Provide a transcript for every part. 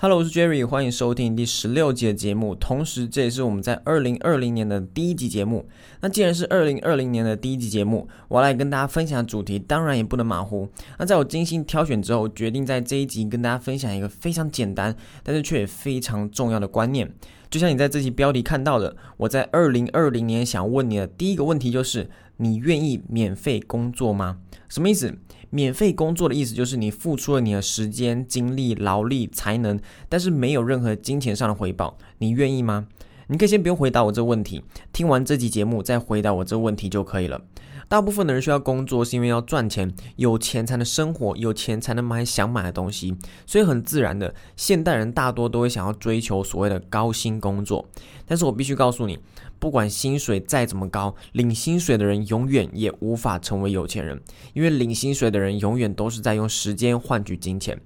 Hello，我是 Jerry，歡迎收聽第十六集的節目。同時，這也是我們在二零二零年的第一集節目。那既然是二零二零年的第一集節目，我來跟大家分享主題當然也不能馬虎。那在我精心挑選之後，決定在這一集跟大家分享一個非常簡單，但是卻也非常重要的觀念。就像你在這期標題看到的，我在二零二零年想問你的第一個問題就是。你願意免費工作嗎？什麼意思？免費工作的意思就是你付出了你的時間、精力、勞力、才能，但是沒有任何金錢上的回報。你願意嗎？你可以先不用回答我這個問題，聽完這集節目再回答我這個問題就可以了。大部分的人需要工作是因為要賺錢，有錢才能生活，有錢才能買想買的東西，所以很自然的，現代人大多都會想要追求所謂的高薪工作。但是我必須告訴你，不管薪水再怎麼高，領薪水的人永遠也無法成為有錢人，因為領薪水的人永遠都是在用時間換取金錢。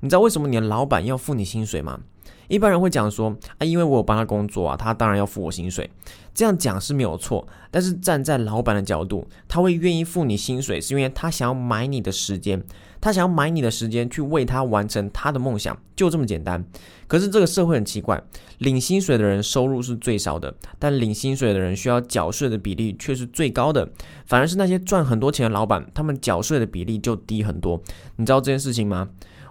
你知道為什麼你的老闆要付你薪水嗎？一般人會講說啊，因為我有幫他工作啊，他當然要付我薪水。這樣講是沒有錯，但是站在老闆的角度，他會願意付你薪水，是因為他想要買你的時間，他想要買你的時間去為他完成他的夢想，就這麼簡單。可是這個社會很奇怪，領薪水的人收入是最少的，但領薪水的人需要繳稅的比例卻是最高的，反而是那些賺很多錢的老闆，他們繳稅的比例就低很多。你知道這件事情嗎？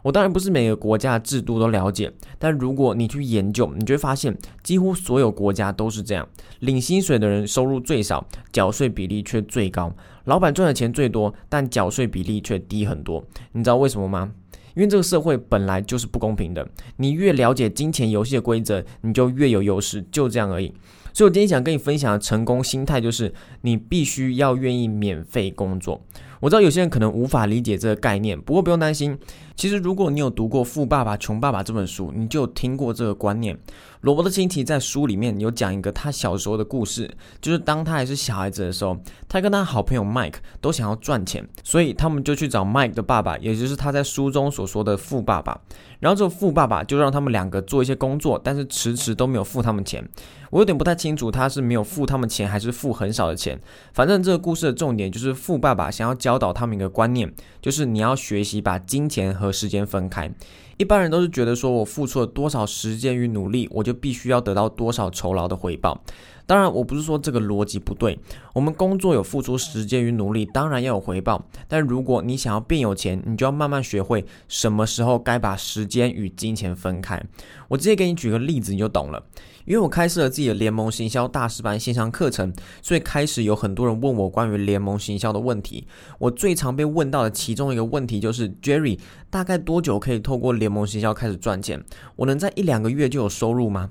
我當然不是每個國家的制度都了解，但如果你去研究，你就會發現幾乎所有國家都是這樣：領薪水的人收入最少，繳稅比例卻最高；老闆賺的錢最多，但繳稅比例卻低很多。你知道為什麼嗎？因為這個社會本來就是不公平的。你越了解金錢遊戲的規則，你就越有優勢。就這樣而已。所以我今天想跟你分享的成功心態，就是你必須要願意免費工作。我知道有些人可能無法理解這個概念，不過不用擔心。其實如果你有讀過《富爸爸窮爸爸》這本書，你就有聽過這個觀念。羅伯特清崎在書裡面有講一個他小時候的故事，就是當他還是小孩子的時候，他跟他好朋友 Mike 都想要賺錢，所以他們就去找 Mike 的爸爸，也就是他在書中所說的富爸爸。然後這個富爸爸就讓他們兩個做一些工作，但是遲遲都沒有付他們錢。我有點不太清楚他是沒有付他們錢，還是付很少的錢。反正這個故事的重點就是富爸爸想要講，教導他們一個觀念，就是你要學習把金錢和時間分開。一般人都是覺得說，我付出了多少時間與努力，我就必須要得到多少酬勞的回報。當然，我不是說這個邏輯不對。我們工作有付出時間與努力，當然要有回報。但如果你想要變有錢，你就要慢慢學會什麼時候該把時間與金錢分開。我直接給你舉個例子，你就懂了。因為我開設了自己的聯盟行銷大師班線上課程，所以開始有很多人問我關於聯盟行銷的問題。我最常被問到的其中一個問題就是：Jerry 大概多久可以透過聯盟行銷開始賺錢？我能在一兩個月就有收入嗎？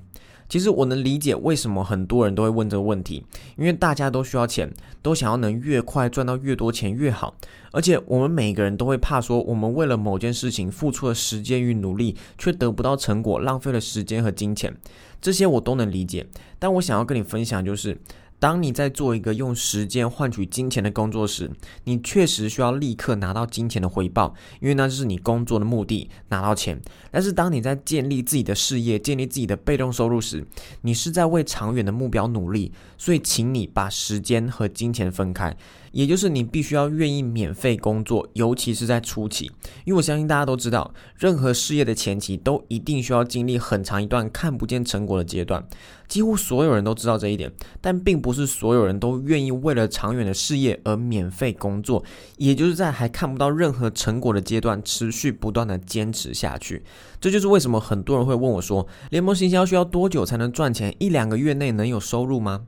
其實我能理解為什麼很多人都會問這個問題，因為大家都需要錢，都想要能越快賺到越多錢越好。而且我們每個人都會怕說，我們為了某件事情付出了時間與努力，卻得不到成果，浪費了時間和金錢。這些我都能理解，但我想要跟你分享就是，當你在做一個用時間換取金錢的工作時，你確實需要立刻拿到金錢的回報，因為那是你工作的目的，拿到錢。但是，當你在建立自己的事業、建立自己的被動收入時，你是在為長遠的目標努力。所以，請你把時間和金錢分開，也就是你必須要願意免費工作，尤其是在初期。因為我相信大家都知道，任何事業的前期都一定需要經歷很長一段看不見成果的階段。幾乎所有人都知道這一點，但並不是所有人都願意為了長遠的事業而免費工作，也就是在還看不到任何成果的階段持續不斷地堅持下去。這就是為什麼很多人會問我說，聯盟行銷需要多久才能賺錢？一兩個月內能有收入嗎？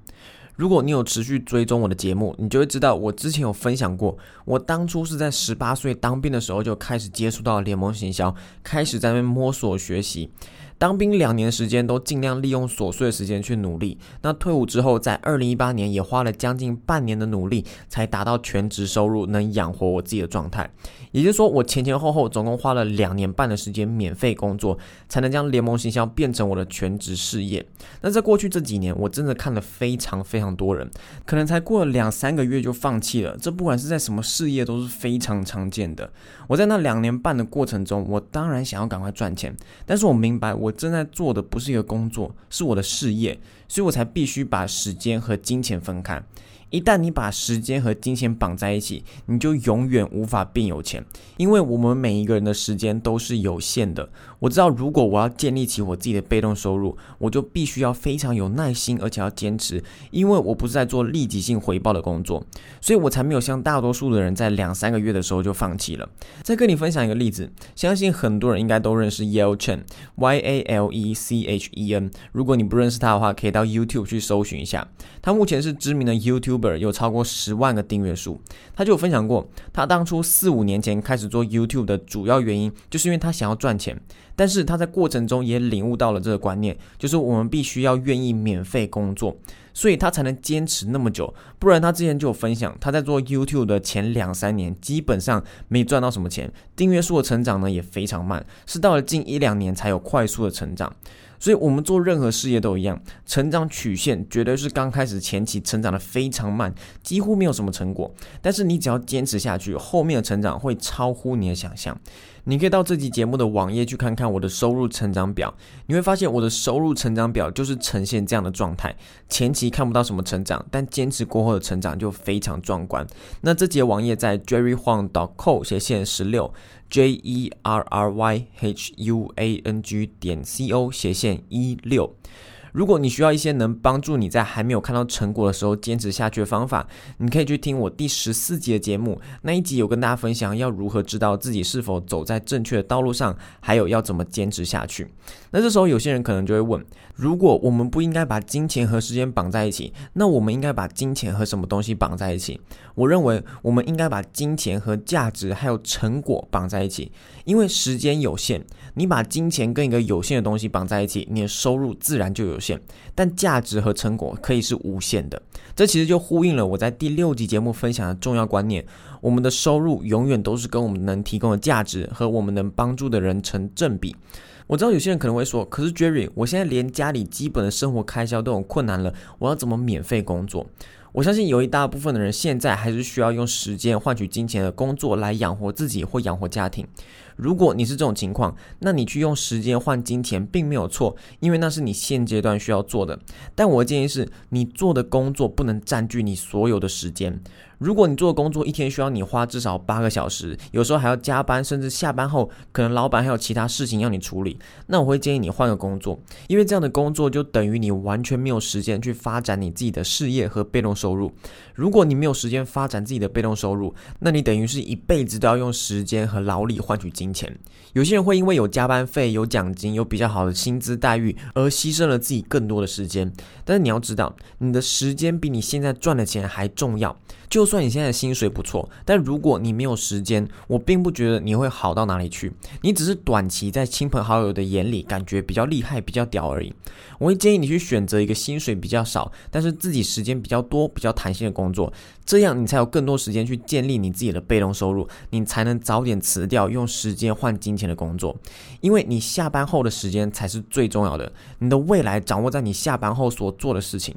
如果你有持續追蹤我的節目，你就會知道我之前有分享過，我當初是在十八歲當兵的時候就開始接觸到聯盟行銷，開始在那邊摸索學習。當兵兩年的時間都儘量利用瑣碎的時間去努力。那退伍之後，在二零一八年也花了將近半年的努力，才達到全職收入能養活我自己的狀態。也就是說，我前前後後總共花了兩年半的時間免費工作，才能將聯盟行銷變成我的全職事業。那在過去這幾年，我真的看了非常非常多人，可能才過了兩三個月就放棄了。這不管是在什麼事業都是非常常見的。我在那兩年半的過程中，我當然想要趕快賺錢，但是我明白我。我正在做的不是一個工作，是我的事業，所以我才必須把時間和金錢分開。一旦你把時間和金錢綁在一起，你就永遠無法變有錢，因為我們每一個人的時間都是有限的。我知道，如果我要建立起我自己的被動收入，我就必須要非常有耐心，而且要堅持，因為我不是在做立即性回報的工作，所以我才沒有像大多數的人在兩三個月的時候就放棄了。再跟你分享一個例子，相信很多人應該都認識 Yale Chen，Y A L E C H E N。如果你不認識他的話，可以到 YouTube 去搜尋一下。他目前是知名的 YouTube。有超過十萬個訂閱數，他就分享過，他當初四五年前開始做 YouTube 的主要原因，就是因為他想要賺錢。但是他在過程中也領悟到了這個觀念，就是我們必須要願意免費工作，所以他才能堅持那麼久。不然他之前就有分享，他在做 YouTube 的前兩三年基本上沒賺到什麼錢，訂閱數的成長呢也非常慢，是到了近一兩年才有快速的成長。所以我們做任何事業都一樣，成長曲線絕對是剛開始前期成長的非常慢，幾乎沒有什麼成果。但是你只要堅持下去，後面的成長會超乎你的想象。你可以到這集節目的網頁去看看我的收入成長表，你會發現我的收入成長表就是呈現這樣的狀態：前期看不到什麼成長，但堅持過後的成長就非常壯觀。那這集的網頁在 jerryhuang.co 斜線十六 j e r r y h u a n g 點 c o 斜線一六。16如果你需要一些能幫助你在還沒有看到成果的時候堅持下去的方法，你可以去聽我第十四集的節目。那一集有跟大家分享要如何知道自己是否走在正確的道路上，還有要怎麼堅持下去。那這時候有些人可能就會問：如果我們不應該把金錢和時間綁在一起，那我們應該把金錢和什麼東西綁在一起？我認為我們應該把金錢和價值還有成果綁在一起，因為時間有限，你把金錢跟一個有限的東西綁在一起，你的收入自然就有有限，但價值和成果可以是無限的。這其實就呼應了我在第六集節目分享的重要觀念：我們的收入永遠都是跟我們能提供的價值和我們能幫助的人成正比。我知道有些人可能會說：“可是 Jerry，我現在連家裡基本的生活開銷都有困難了，我要怎麼免費工作？”我相信有一大部分的人現在還是需要用時間換取金錢的工作來養活自己或養活家庭。如果你是這種情況，那你去用時間換金錢並沒有錯，因為那是你現階段需要做的。但我建議是你做的工作不能占據你所有的時間。如果你做的工作一天需要你花至少八個小時，有時候還要加班，甚至下班後可能老闆還有其他事情要你處理，那我會建議你換個工作，因為這樣的工作就等於你完全沒有時間去發展你自己的事業和被動收入。如果你沒有時間發展自己的被動收入，那你等於是一輩子都要用時間和勞力換取金錢。有些人會因為有加班費、有獎金、有比較好的薪資待遇而犧牲了自己更多的時間，但是你要知道，你的時間比你現在賺的錢還重要。就算你現在的薪水不錯，但如果你沒有時間，我並不覺得你會好到哪裡去。你只是短期在親朋好友的眼裡感覺比較厲害、比較屌而已。我會建議你去選擇一個薪水比較少，但是自己時間比較多、比較彈性的工作，這樣你才有更多時間去建立你自己的被動收入，你才能早點辭掉用時間換金錢的工作。因為你下班後的時間才是最重要的，你的未來掌握在你下班後所做的事情。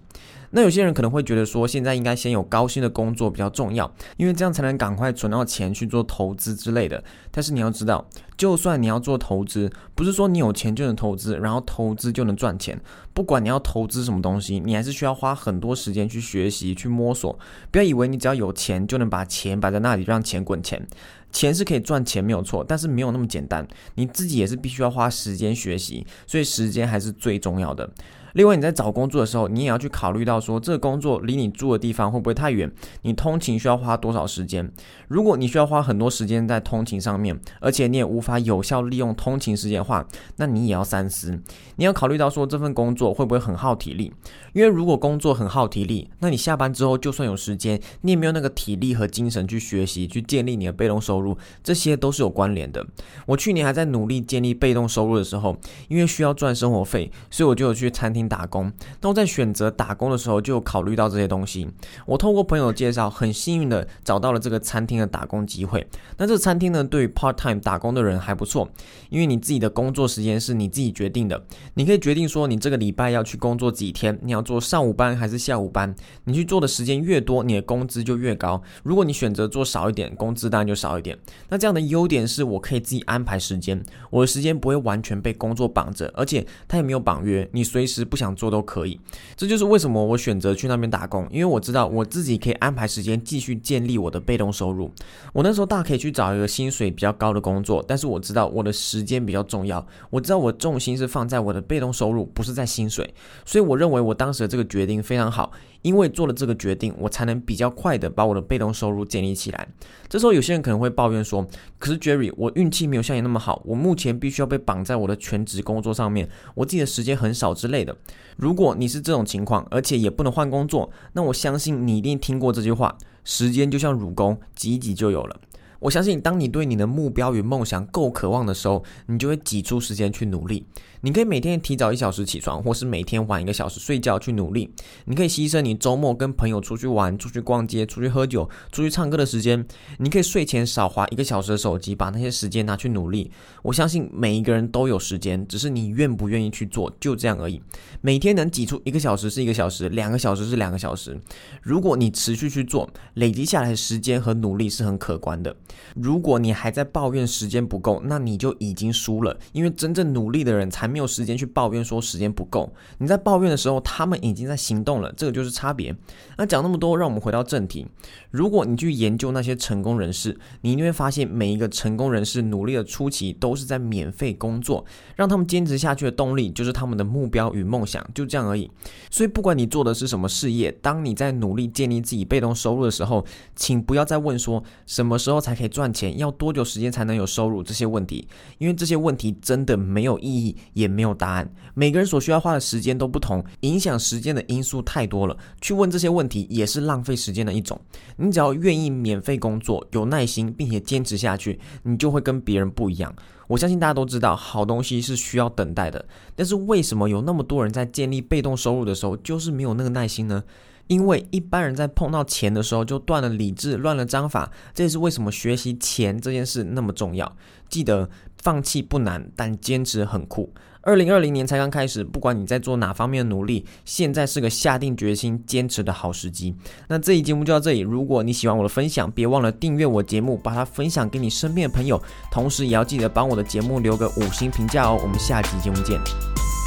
那有些人可能會覺得說，現在應該先有高薪的工作比較重要，因為這樣才能趕快存到錢去做投資之類的。但是你要知道，就算你要做投資，不是說你有錢就能投資，然後投資就能賺錢。不管你要投資什麼東西，你還是需要花很多時間去學習，去摸索。不要以為你只要有錢就能把錢擺在那裡讓錢滾錢，錢是可以賺錢沒有錯，但是沒有那麼簡單。你自己也是必須要花時間學習，所以時間還是最重要的。另外，你在找工作的時候，你也要去考慮到說，這個工作離你住的地方會不會太遠？你通勤需要花多少時間？如果你需要花很多時間在通勤上面，而且你也無法有效利用通勤時間的話，那你也要三思。你要考慮到說，這份工作會不會很耗體力？因為如果工作很耗體力，那你下班之後就算有時間，你也沒有那個體力和精神去學習、去建立你的被動收入，這些都是有關聯的。我去年還在努力建立被動收入的時候，因為需要賺生活費，所以我就有去餐廳。打工，那我在選擇打工的時候就考慮到這些東西。我透過朋友的介紹，很幸運的找到了這個餐廳的打工機會。那這個餐廳呢，對於 part time 打工的人還不錯，因為你自己的工作時間是你自己決定的，你可以決定說你這個禮拜要去工作幾天，你要做上午班還是下午班。你去做的時間越多，你的工資就越高。如果你選擇做少一點，工資當然就少一點。那這樣的優點是我可以自己安排時間，我的時間不會完全被工作綁着，而且它也沒有綁約，你隨時。不想做都可以，這就是為什麼我選擇去那邊打工，因為我知道我自己可以安排時間繼續建立我的被動收入。我那時候大可以去找一個薪水比較高的工作，但是我知道我的時間比較重要，我知道我重心是放在我的被動收入，不是在薪水。所以我認為我當時的這個決定非常好，因為做了這個決定，我才能比較快的把我的被動收入建立起來。這時候有些人可能會抱怨說：“可是 Jerry，我運氣沒有像你那麼好，我目前必須要被綁在我的全職工作上面，我自己的時間很少之類的。”如果你是這種情況，而且也不能換工作，那我相信你一定聽過這句話：時間就像乳溝，擠一擠就有了。我相信，當你對你的目標與夢想夠渴望的時候，你就會擠出時間去努力。你可以每天提早一小時起床，或是每天晚一個小時睡覺去努力。你可以犧牲你周末跟朋友出去玩、出去逛街、出去喝酒、出去唱歌的時間。你可以睡前少滑一個小時的手機，把那些時間拿去努力。我相信每一個人都有時間，只是你願不願意去做，就這樣而已。每天能擠出一個小時是一個小時，兩個小時是兩個小時。如果你持續去做，累積下來的時間和努力是很可觀的。如果你還在抱怨時間不夠，那你就已經輸了。因為真正努力的人才沒有時間去抱怨說時間不夠。你在抱怨的時候，他們已經在行動了，這個就是差別。那講那麼多，讓我們回到正題。如果你去研究那些成功人士，你一定會發現，每一個成功人士努力的初期都是在免費工作。讓他們堅持下去的動力就是他們的目標與夢想，就這樣而已。所以，不管你做的是什麼事業，當你在努力建立自己被動收入的時候，請不要再問說什麼時候才可以，賺錢要多久時間才能有收入？這些問題，因為這些問題真的沒有意義，也沒有答案。每個人所需要花的時間都不同，影響時間的因素太多了。去問這些問題也是浪費時間的一種。你只要願意免費工作，有耐心，並且堅持下去，你就會跟別人不一樣。我相信大家都知道，好東西是需要等待的。但是為什麼有那麼多人在建立被動收入的時候，就是沒有那個耐心呢？因為一般人在碰到錢的時候就斷了理智，亂了章法。這也是為什麼學習錢這件事那麼重要。記得放棄不難，但堅持很酷。2020年才剛開始，不管你在做哪方面的努力，現在是個下定決心堅持的好時機。那這期節目就到這裡。如果你喜歡我的分享，別忘了訂閱我的節目，把它分享給你身邊的朋友，同時也要記得幫我的節目留個五星評價哦。我們下期節目見。